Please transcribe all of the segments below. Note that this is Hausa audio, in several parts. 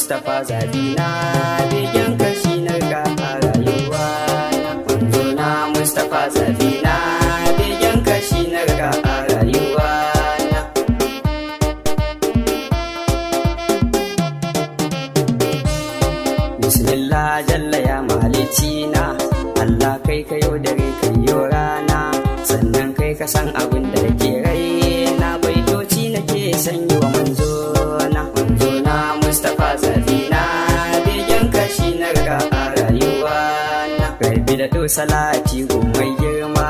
Mustapha zabi na kashi na gaba a rayuwa na manzo na Mustapha zabi na kashi na gaba rayuwa na Bismillah jalla ya malici na Allah kai ka yau dare ka yi rana sannan kai ka san abin da ke rai na baitoci nake sanyi wa manzo na salati gumai girma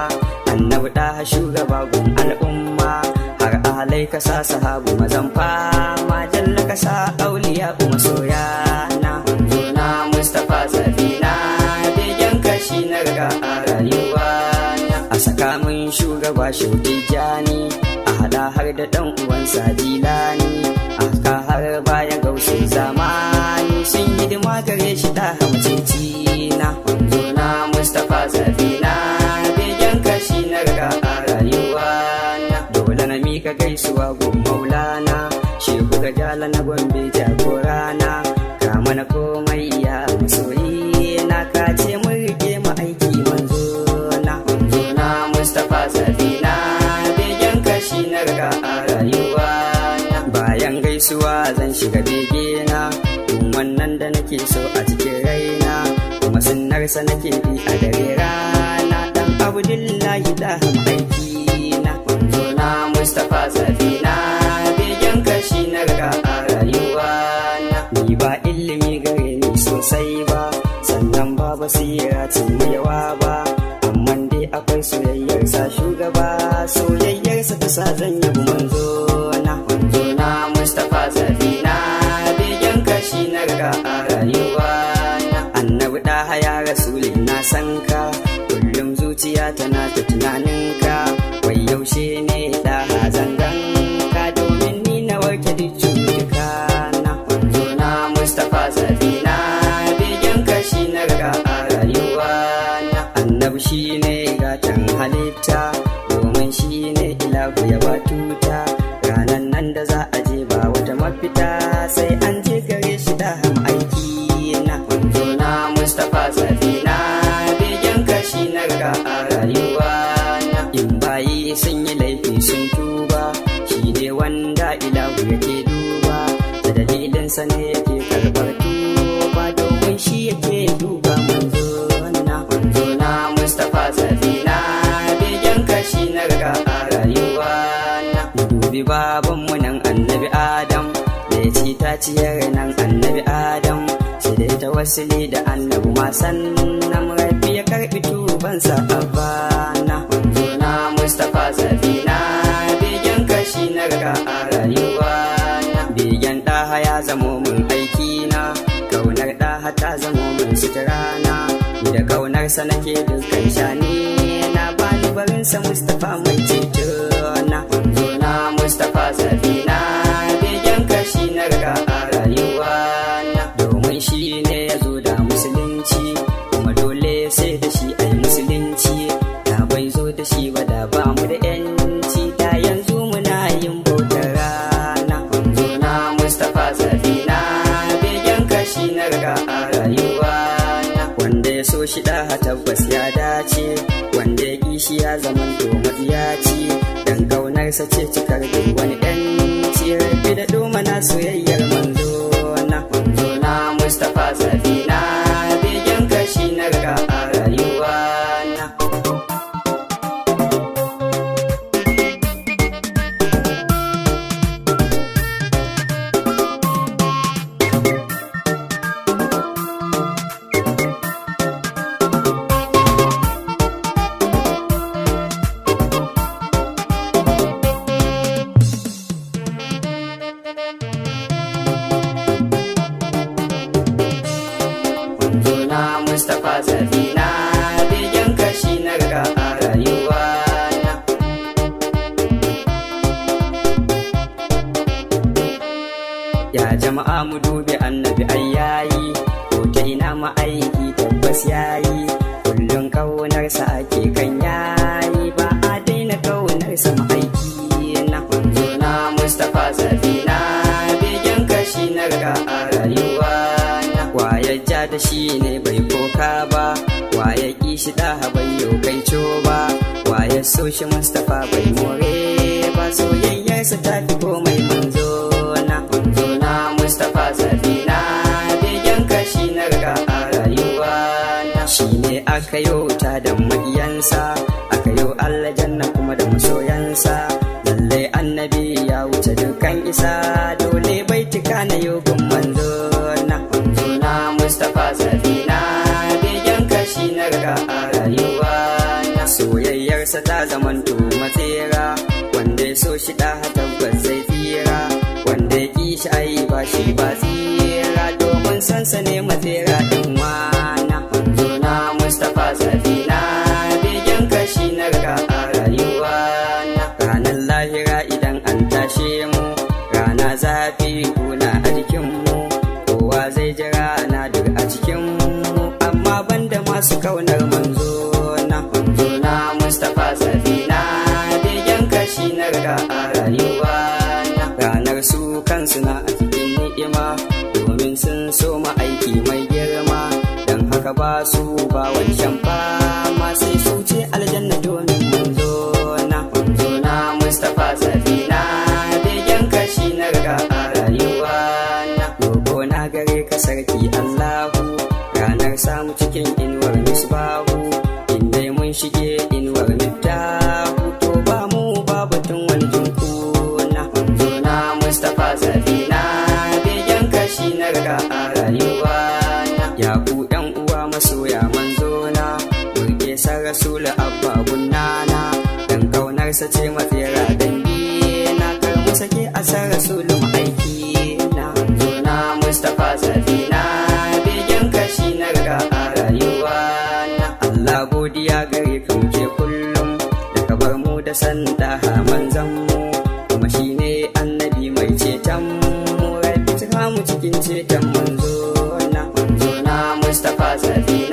annabi da shugaba gun al'umma har ahalai ka sa sahabu mazan fama jalla ka sa auliya kuma soya na na mustafa da begen kashi na riga a rayuwa a saka min shugaba shauki jani a hada har da dan uwan sajilani a har bayan gaushe zamani sun hidima gare shi da sala na gombe na ka mana komai ya masoyi na ka ce mu rike mu aiki manzo na manzo na mustapha sabina begen kashi na riga a rayuwa bayan gaisuwa zan shiga bege na wannan da nake so a cikin raina kuma narsa nake bi a dare rana dan abdullahi da aiki na manzo na mustapha sabina shi na riga a rayuwa na ni ba ilimi gare ni sosai ba sannan ba basira yawa ba amma dai akwai soyayyar sa shugaba soyayyar sa ta sa zan yabi manzo na manzo na mustafa zabina biyan kashi na riga a rayuwa na annabi da haya rasuli na san ka kullum zuciya tana ta tunaninka wai yaushe ne halitta domin shi ne ilahu ya tuta ranan nan da za a je ba wata mafita sai an je gare shi da ham aiki na kunzo na mustapha safina begen kashi na ga a rayuwa na in bayi sun yi laifi sun tuba shi ne wanda ya yake duba da dalilinsa ne yake karbar tuba domin shi yake duba annabi babanmu nan annabi adam mai ci ta ciyar nan annabi adam shi dai ta wasili da annabi ma sannan rabi ya karbi tubansa a bana juna na mustapha zabina bigen kashi na raka a rayuwa na begen ɗaha ya zamo mun aiki na kaunar ɗaha ta zamo mun na da sa nake dukkan shani na bani barinsa mustapha mai ci tabbas ya dace wanda ya kishi ya zaman ya ci dan kaunarsa ce cikar da wani ɗan ciyar bi da na soyayyar manzo na manzo na Mustapha zai Mustapha Zafina begen kashi na a rayuwa na. Ya jama'a mu dubi annabi ayyayi, yayi, ko ta ina ma'aiki tabbas yayi, kullum ƙaunarsa ake kan yayi ba a daina ƙaunarsa ma'aiki na. Manzo na Mustapha Zafina begen kashi na ga a rayuwa na. Wa ya ja da shi ne bai ta ba wa ya ƙi shi ɗaha bai yau kai ba wa ya so shi mustapha bai more ba soyayyarsa ta fi komai manzo na manzo na mustapha zabina begen kashi na riga a rayuwa na shi ne aka yi wuta da maƙiyansa aka yi allajanna kuma da masoyansa lallai annabi ya wuce dukan isa dole bai tuka na yau shi da tabbas zai fira wanda ya ƙi shi ai ba shi ba tsira domin sansa ne matsira ɗin wana manzo na mustapha na bigen kashi na raka a rayuwa na ranar lahira idan an tashe mu rana zafi kuna a mu kowa zai jira na duk a mu amma banda masu kaunar manzo ranar su kansu na a cikin ni'ima domin sun so aiki mai girma don haka ba su ba wancan ba ma sai su ce aljanna domin albarka a rayuwa ya ku yan uwa masoya manzo na burge sa rasulu abba na dan kaunar sa ce matsira dangi na kar mu sake a san rasulu aiki na manzo na mustafa safina begen kashi na riga a rayuwa na. Allah godiya gare ka muke kullum da ka bar mu da sanda manzan mu kin ce ta manzo na manzo na Mustapha Zafi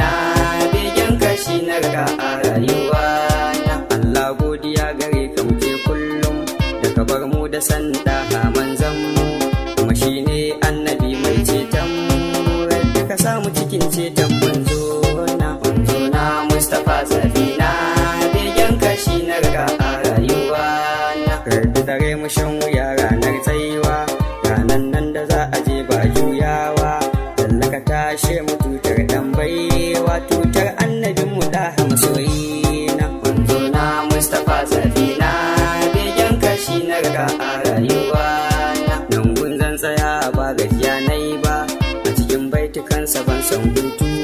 想不通。